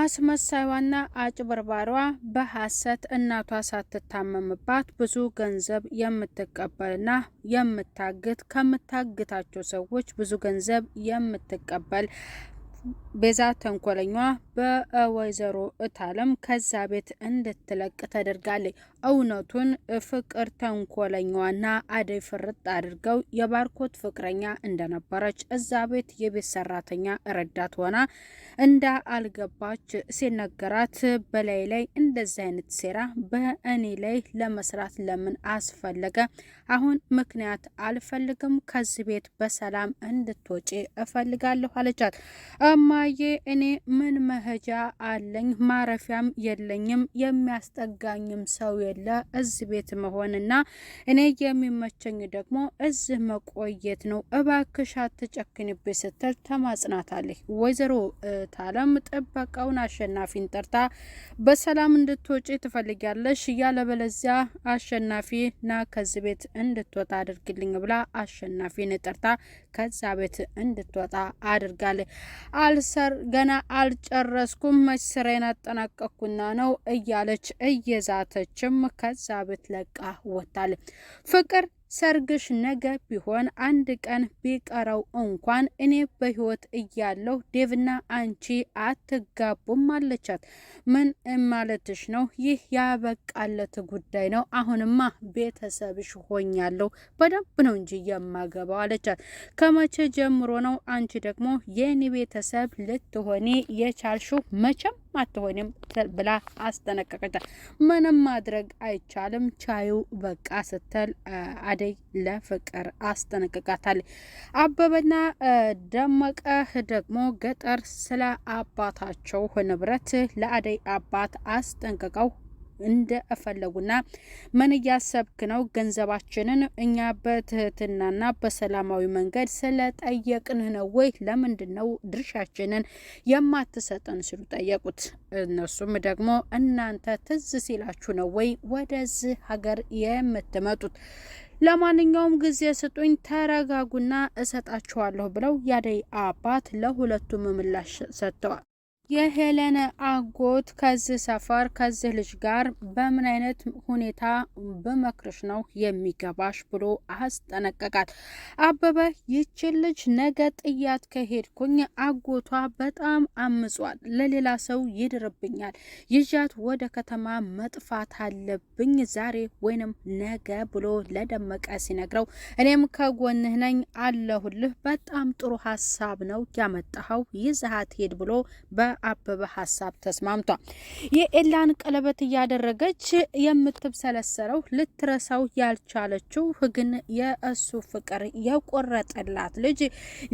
አስመሳይዋና አጭበርባሯ በሐሰት እናቷ ሳትታመምባት ብዙ ገንዘብ የምትቀበልና የምታግት ከምታግታቸው ሰዎች ብዙ ገንዘብ የምትቀበል ቤዛ ተንኮለኛ በወይዘሮ እታለም ከዛ ቤት እንድትለቅ ተደርጋለች። እውነቱን ፍቅር ተንኮለኛዋና አደይ ፍርጥ አድርገው የባርኮት ፍቅረኛ እንደነበረች እዛ ቤት የቤት ሰራተኛ ረዳት ሆና እንዳ አልገባች ሲነገራት በላይ ላይ እንደዚህ አይነት ሴራ በእኔ ላይ ለመስራት ለምን አስፈለገ? አሁን ምክንያት አልፈልግም። ከዚህ ቤት በሰላም እንድትወጪ እፈልጋለሁ አለቻት። እማዬ እኔ ምን መሄጃ አለኝ? ማረፊያም የለኝም፣ የሚያስጠጋኝም ሰው የለ። እዚህ ቤት መሆንና እኔ የሚመቸኝ ደግሞ እዚህ መቆየት ነው። እባክሽ አትጨክንብኝ ስትል ተማጽናታለች። ወይዘሮ ታለም ጥበቃውን አሸናፊን ጠርታ በሰላም እንድትወጪ ትፈልጊያለሽ፣ ያለበለዚያ አሸናፊ ና ከዚህ ቤት እንድትወጣ አድርግልኝ ብላ አሸናፊን ጠርታ ከዛ ቤት እንድትወጣ አድርጋለች። አልሰር ገና አልጨረስኩም መች ስራዬን አጠናቀቅኩና ነው እያለች እየዛተችም ከዛ ብትለቃ ወታል ፍቅር ሰርግሽ ነገ ቢሆን አንድ ቀን ቢቀረው እንኳን እኔ በህይወት እያለሁ ዴቭና አንቺ አትጋቡም አለቻት። ምን ማለትሽ ነው? ይህ ያበቃለት ጉዳይ ነው። አሁንማ ቤተሰብሽ ሆኛለሁ፣ በደንብ ነው እንጂ የማገባው አለቻት። ከመቼ ጀምሮ ነው አንቺ ደግሞ የኔ ቤተሰብ ልትሆኔ የቻልሽው? መቼም አትሆንም ብላ አስጠነቀቀቻት። ምንም ማድረግ አይቻልም ቻዩ በቃ ስትል አደይ ለፍቅር አስጠነቅቃታለች። አበበና ደመቀ ደግሞ ገጠር ስለ አባታቸው ንብረት ለአደይ አባት አስጠንቅቀው እፈለጉና ምን እያሰብክ ነው? ገንዘባችንን እኛ በትህትናና በሰላማዊ መንገድ ስለጠየቅንህ ነው ወይ? ለምንድን ነው ድርሻችንን የማትሰጠን? ሲሉ ጠየቁት። እነሱም ደግሞ እናንተ ትዝ ሲላችሁ ነው ወይ ወደዚህ ሀገር የምትመጡት? ለማንኛውም ጊዜ ስጡኝ፣ ተረጋጉና እሰጣችኋለሁ ብለው ያደይ አባት ለሁለቱም ምላሽ ሰጥተዋል። የሄለን አጎት ከዚህ ሰፈር ከዚህ ልጅ ጋር በምን አይነት ሁኔታ በመክርሽ ነው የሚገባሽ ብሎ አስጠነቀቃት። አበበ ይችን ልጅ ነገ ጥያት ከሄድኩኝ አጎቷ በጣም አምጿል፣ ለሌላ ሰው ይድርብኛል፣ ይዣት ወደ ከተማ መጥፋት አለብኝ ዛሬ ወይንም ነገ ብሎ ለደመቀ ሲነግረው እኔም ከጎንህ ነኝ አለሁልህ፣ በጣም ጥሩ ሀሳብ ነው ያመጣኸው፣ ይዘሃት ሄድ ብሎ በ በአበበ ሀሳብ ተስማምቷል። የኤላን ቀለበት እያደረገች የምትብሰለሰለው ልትረሳው ያልቻለችው ግን የእሱ ፍቅር የቆረጠላት ልጅ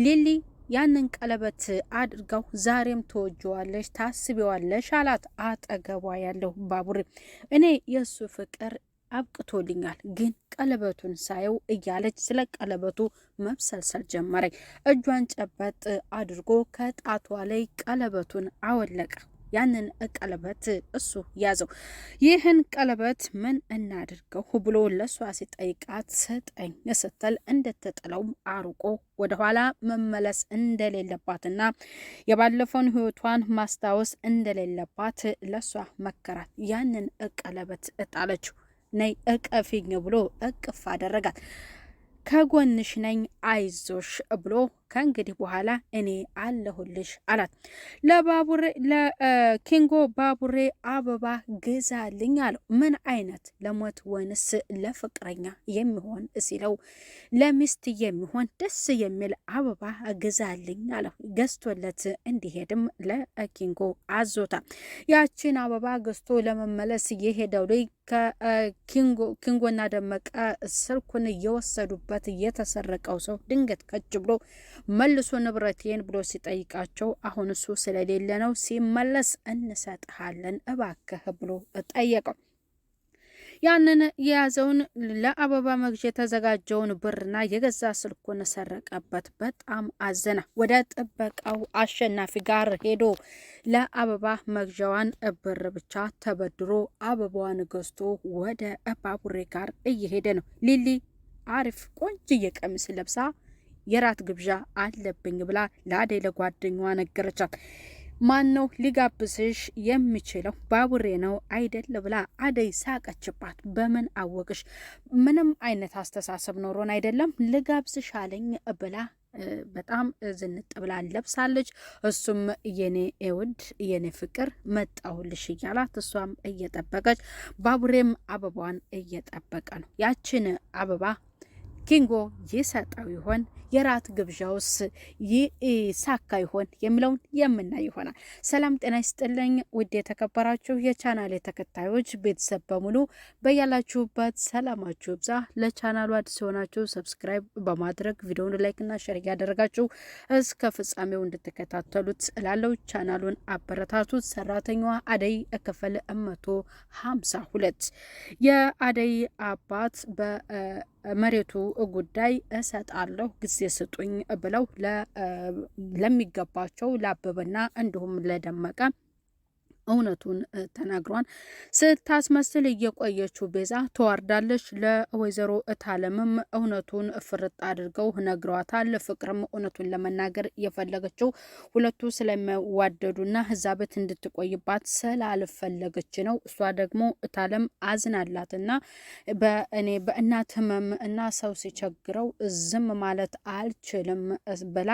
ሊሊ ያንን ቀለበት አድርገው ዛሬም ትወጅዋለሽ ታስቢዋለሽ አላት። አጠገቧ ያለው ባቡሬ እኔ የእሱ ፍቅር አብቅቶልኛል ግን ቀለበቱን ሳየው እያለች ስለ ቀለበቱ መብሰልሰል ጀመረኝ እጇን ጨበጥ አድርጎ ከጣቷ ላይ ቀለበቱን አወለቀ። ያንን ቀለበት እሱ ያዘው። ይህን ቀለበት ምን እናድርገው ብሎ ለሷ ሲጠይቃት ስጠኝ ስትል እንደተጠለው አርቆ ወደኋላ መመለስ እንደሌለባትና የባለፈውን ሕይወቷን ማስታወስ እንደሌለባት ለሷ መከራት። ያንን ቀለበት እጣለችው። ነይ እቀፊኝ ብሎ እቅፍ አደረጋት። ከጎንሽ ነኝ አይዞሽ ብሎ ከእንግዲህ በኋላ እኔ አለሁልሽ አላት። ለባቡሬ ለኪንጎ ባቡሬ አበባ ግዛልኝ አለው። ምን አይነት ለሞት ወንስ ለፍቅረኛ የሚሆን ሲለው ለሚስት የሚሆን ደስ የሚል አበባ ግዛልኝ አለው። ገዝቶለት እንዲሄድም ለኪንጎ አዞታ ያችን አበባ ገዝቶ ለመመለስ የሄደው ልጅ ከኪንጎና ደመቀ ስልኩን እየወሰዱበት የተሰረቀው ሰው ድንገት ከች ብሎ መልሶ ንብረቴን ብሎ ሲጠይቃቸው አሁን እሱ ስለሌለ ነው፣ ሲመለስ እንሰጥሃለን እባክህ ብሎ ጠየቀው። ያንን የያዘውን ለአበባ መግዣ የተዘጋጀውን ብርና የገዛ ስልኩን ሰረቀበት። በጣም አዘና ወደ ጥበቃው አሸናፊ ጋር ሄዶ ለአበባ መግዣዋን ብር ብቻ ተበድሮ አበባዋን ገዝቶ ወደ ባቡሬ ጋር እየሄደ ነው። ሊሊ አሪፍ ቆንጅዬ ቀሚስ ለብሳ የራት ግብዣ አለብኝ ብላ ለአደይ ለጓደኛዋ ነገረቻት። ማን ነው ሊጋብስሽ የሚችለው? ባቡሬ ነው አይደል ብላ አደይ ሳቀችባት። በምን አወቅሽ? ምንም አይነት አስተሳሰብ ኖሮን አይደለም ልጋብስሽ አለኝ ብላ በጣም ዝንጥ ብላ ለብሳለች። እሱም የኔ ውድ የኔ ፍቅር መጣሁልሽ እያላት እሷም እየጠበቀች ባቡሬም አበባዋን እየጠበቀ ነው። ያችን አበባ ኪንጎ ይሰጠው ይሆን? የራት ግብዣውስ ይሳካ ይሆን የሚለውን የምናይ ይሆናል። ሰላም ጤና ይስጥልኝ ውድ የተከበራችሁ የቻናል ተከታዮች ቤተሰብ በሙሉ በያላችሁበት ሰላማችሁ ብዛ። ለቻናሉ አዲስ የሆናችሁ ሰብስክራይብ በማድረግ ቪዲዮውን ላይክና ሸር እያደረጋችሁ እስከ ፍጻሜው እንድትከታተሉት እላለሁ። ቻናሉን አበረታቱት። ሰራተኛዋ አደይ ክፍል መቶ ሀምሳ ሁለት የአደይ አባት በመሬቱ ጉዳይ እሰጣለሁ ጊዜ ስጡኝ ብለው ለሚገባቸው ለአበበና እንዲሁም ለደመቀ እውነቱን ተናግሯል። ስታስመስል እየቆየችው ቤዛ ተዋርዳለች። ለወይዘሮ እታለምም እውነቱን ፍርጥ አድርገው ነግረዋታል። ፍቅርም እውነቱን ለመናገር የፈለገችው ሁለቱ ስለሚዋደዱና እዛ ቤት እንድትቆይባት ስላልፈለገች ነው። እሷ ደግሞ እታለም አዝናላትና በእኔ በእናት ህመም እና ሰው ሲቸግረው ዝም ማለት አልችልም ብላ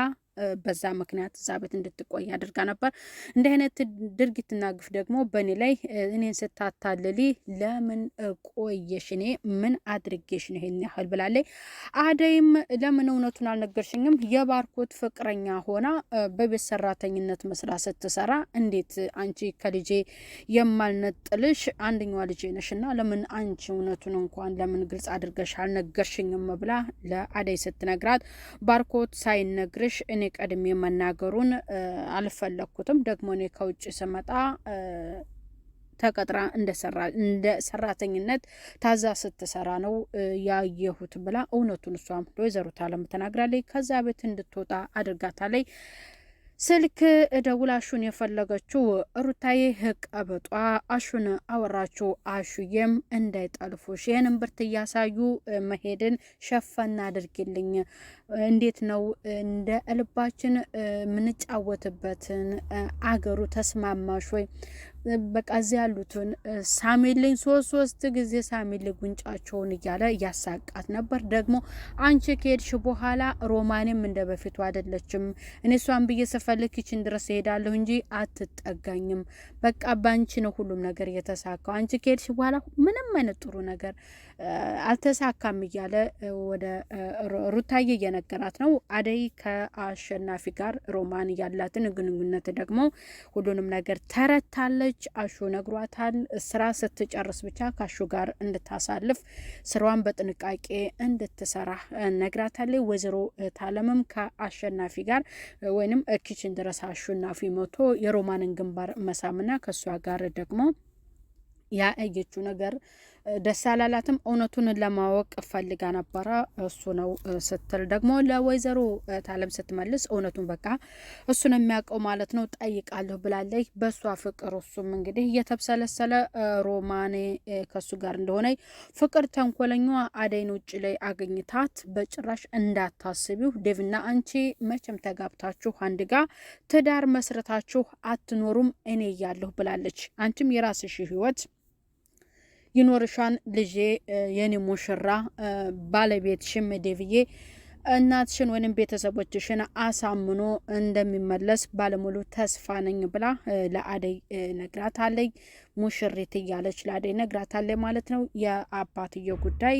በዛ ምክንያት እዛ ቤት እንድትቆይ አድርጋ ነበር። እንዲህ አይነት ድርጊትና ግፍ ደግሞ በእኔ ላይ እኔን ስታታልሊ ለምን ቆየሽ? እኔ ምን አድርጌሽ ነው ይሄን ያህል ብላለች። አደይም ለምን እውነቱን አልነገርሽኝም? የባርኮት ፍቅረኛ ሆና በቤት ሰራተኝነት መስራ ስትሰራ እንዴት አንቺ ከልጄ የማልነጥልሽ አንደኛዋ ልጄ ነሽና ለምን አንቺ እውነቱን እንኳን ለምን ግልጽ አድርገሽ አልነገርሽኝም? ብላ ለአደይ ስትነግራት ባርኮት ሳይነግርሽ እኔ ቀድሜ መናገሩን አልፈለግኩትም። ደግሞ እኔ ከውጭ ስመጣ ተቀጥራ እንደ ሰራተኝነት ታዛ ስትሰራ ነው ያየሁት ብላ እውነቱን እሷም ወይዘሮ አለም ተናግራለች። ከዛ ቤት እንድትወጣ አድርጋታለች። ስልክ ደውላ አሹን የፈለገችው ሩታዬ አበጧ አሹን አወራችው። አሹዬም እንዳይጠልፉሽ ይህንን ብርት እያሳዩ መሄድን ሸፈና አድርጊልኝ። እንዴት ነው እንደ እልባችን የምንጫወትበትን አገሩ ተስማማሽ ወይ? በቃ እዚ ያሉትን ሳሚልኝ ሶስት ሶስት ጊዜ ሳሚልኝ ጉንጫቸውን እያለ እያሳቃት ነበር። ደግሞ አንቺ ከሄድሽ በኋላ ሮማኔም እንደ በፊቱ አይደለችም። እኔ እሷን ብዬ ስፈልግ ኪችን ድረስ እሄዳለሁ እንጂ አትጠጋኝም። በቃ በአንቺ ነው ሁሉም ነገር እየተሳካው። አንቺ ከሄድሽ በኋላ ምንም አይነት ጥሩ ነገር አልተሳካም እያለ ወደ ሩታዬ እየነገራት ነው። አደይ ከአሸናፊ ጋር ሮማን ያላትን ግንኙነት ደግሞ ሁሉንም ነገር ተረታለች። አሹ ነግሯታል። ስራ ስትጨርስ ብቻ ከአሹ ጋር እንድታሳልፍ ስራዋን በጥንቃቄ እንድትሰራ ነግራታለች። ወይዘሮ ታለምም ከአሸናፊ ጋር ወይንም ኪችን ድረስ አሸናፊ መቶ የሮማንን ግንባር መሳምና ከእሷ ጋር ደግሞ ያየችው ነገር ደስ አላላትም። እውነቱን ለማወቅ ፈልጋ ነበረ እሱ ነው ስትል ደግሞ ለወይዘሮ ታለም ስትመልስ እውነቱን በቃ እሱን የሚያውቀው ማለት ነው ጠይቃለሁ ብላለች። በእሷ ፍቅር እሱም እንግዲህ እየተብሰለሰለ ሮማኔ ከሱ ጋር እንደሆነ ፍቅር ተንኮለኛ አደይን ውጭ ላይ አገኝታት በጭራሽ እንዳታስቢው ዴቭና አንቺ መቼም ተጋብታችሁ አንድ ጋ ትዳር መስረታችሁ አትኖሩም እኔ እያለሁ ብላለች። አንቺም የራስሽ ህይወት ይኖርሻን ልጄ፣ የኔ ሙሽራ ባለቤት ሽም ዴቭዬ እናትሽን ወይም ቤተሰቦችሽን አሳምኖ እንደሚመለስ ባለሙሉ ተስፋ ነኝ ብላ ለአደይ ነግራታለች። ሙሽሪት እያለች ለአደይ ነግራታለች ማለት ነው። የአባትየው ጉዳይ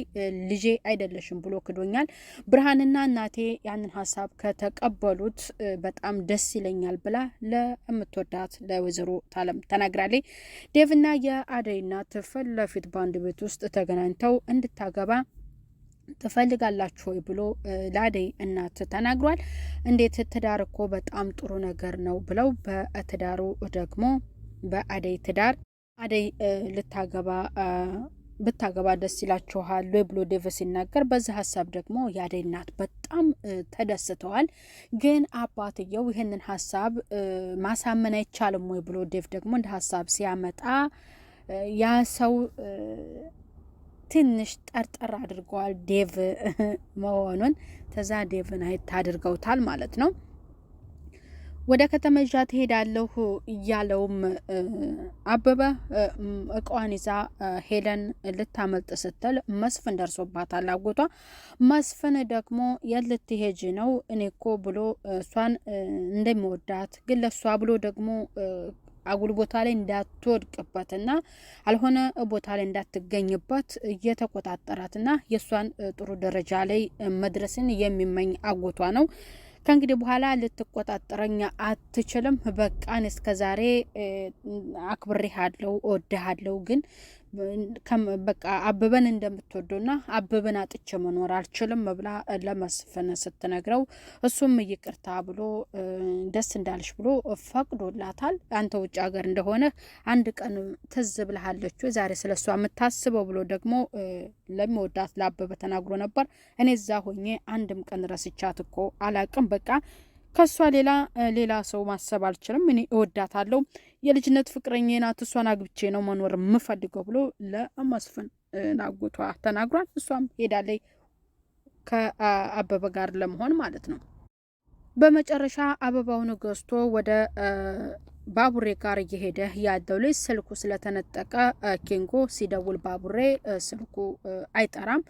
ልጄ አይደለሽም ብሎ ክዶኛል። ብርሃንና እናቴ ያንን ሀሳብ ከተቀበሉት በጣም ደስ ይለኛል ብላ ለምትወዳት ለወይዘሮ ታለም ተናግራለች። ዴቭና የአደይ እናት ፊት ለፊት በአንድ ቤት ውስጥ ተገናኝተው እንድታገባ ትፈልጋላችሁ ወይ ብሎ ለአደይ እናት ተናግሯል። እንዴት ትዳር እኮ በጣም ጥሩ ነገር ነው ብለው በትዳሩ ደግሞ በአደይ ትዳር አደይ ልታገባ ብታገባ ደስ ይላችኋል ወይ ብሎ ዴቭ ሲናገር፣ በዚህ ሀሳብ ደግሞ የአደይ እናት በጣም ተደስተዋል። ግን አባትየው ይህንን ሀሳብ ማሳመን አይቻልም ወይ ብሎ ዴቭ ደግሞ እንደ ሀሳብ ሲያመጣ ያ ሰው ትንሽ ጠርጠር አድርገዋል ዴቭ መሆኑን። ተዛ ዴቭን አየት አድርገውታል ማለት ነው። ወደ ከተማ ይዣ ትሄዳለሁ እያለውም አበበ እቃዋን ይዛ ሄለን ልታመልጥ ስትል መስፍን ደርሶባታል። አጎቷ መስፍን ደግሞ የት ልትሄጂ ነው እኔ እኮ ብሎ እሷን እንደሚወዳት ግን ለእሷ ብሎ ደግሞ አጉል ቦታ ላይ እንዳትወድቅበትና አልሆነ ቦታ ላይ እንዳትገኝበት እየተቆጣጠራትና የእሷን ጥሩ ደረጃ ላይ መድረስን የሚመኝ አጎቷ ነው። ከእንግዲህ በኋላ ልትቆጣጠረኝ አትችልም። በቃን። እስከ ዛሬ አክብሬሃለሁ፣ እወድሃለሁ ግን በቃ አበበን እንደምትወደውና አበበን አጥቼ መኖር አልችልም ብላ ለመስፍን ስትነግረው እሱም ይቅርታ ብሎ ደስ እንዳልሽ ብሎ ፈቅዶላታል። አንተ ውጭ ሀገር እንደሆነ አንድ ቀን ትዝ ብልሃለች ዛሬ ስለ እሷ የምታስበው ብሎ ደግሞ ለሚወዳት ለአበበ ተናግሮ ነበር። እኔ እዛ ሆኜ አንድም ቀን ረስቻት እኮ አላቅም በቃ ከእሷ ሌላ ሌላ ሰው ማሰብ አልችልም። እኔ እወዳታለሁ፣ የልጅነት ፍቅረኛ ናት፣ እሷን አግብቼ ነው መኖር የምፈልገው ብሎ ለመስፍን ናጉቷ ተናግሯል። እሷም ሄዳለች ከአበበ ጋር ለመሆን ማለት ነው። በመጨረሻ አበባውን ገዝቶ ወደ ባቡሬ ጋር እየሄደ ያለው ልጅ ስልኩ ስለተነጠቀ ኬንጎ ሲደውል ባቡሬ ስልኩ አይጠራም።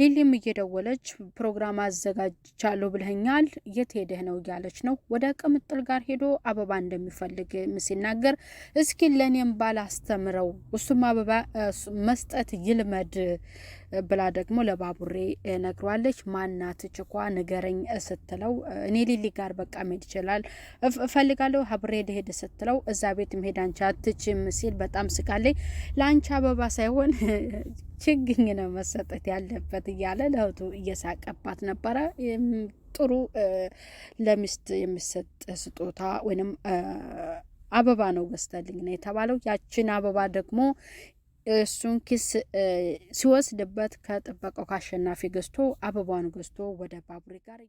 ሊሊም እየደወለች ፕሮግራም አዘጋጅቻለሁ ብለኸኛል፣ የት ሄደህ ነው እያለች ነው። ወደ ቅምጥል ጋር ሄዶ አበባ እንደሚፈልግ ሲናገር እስኪ ለእኔም ባላስተምረው እሱም አበባ መስጠት ይልመድ ብላ ደግሞ ለባቡሬ ነግሯለች። ማናት ችኳ ንገረኝ ስትለው እኔ ሊሊ ጋር በቃ መሄድ ይችላል እፈልጋለሁ ሀብሬ ልሄድ ስትለው እዛ ቤት መሄድ አንቺ አትችም ሲል በጣም ስቃለኝ። ለአንቺ አበባ ሳይሆን ችግኝ ነው መሰጠት ያለበት እያለ ለእህቱ እየሳቀባት ነበረ። ጥሩ ለሚስት የሚሰጥ ስጦታ ወይም አበባ ነው ገዝተልኝ ነው የተባለው። ያችን አበባ ደግሞ እሱን ኪስ ሲወስድበት ከጥበቃው ከአሸናፊ ገዝቶ አበባን ገዝቶ ወደ ባቡሬ ጋር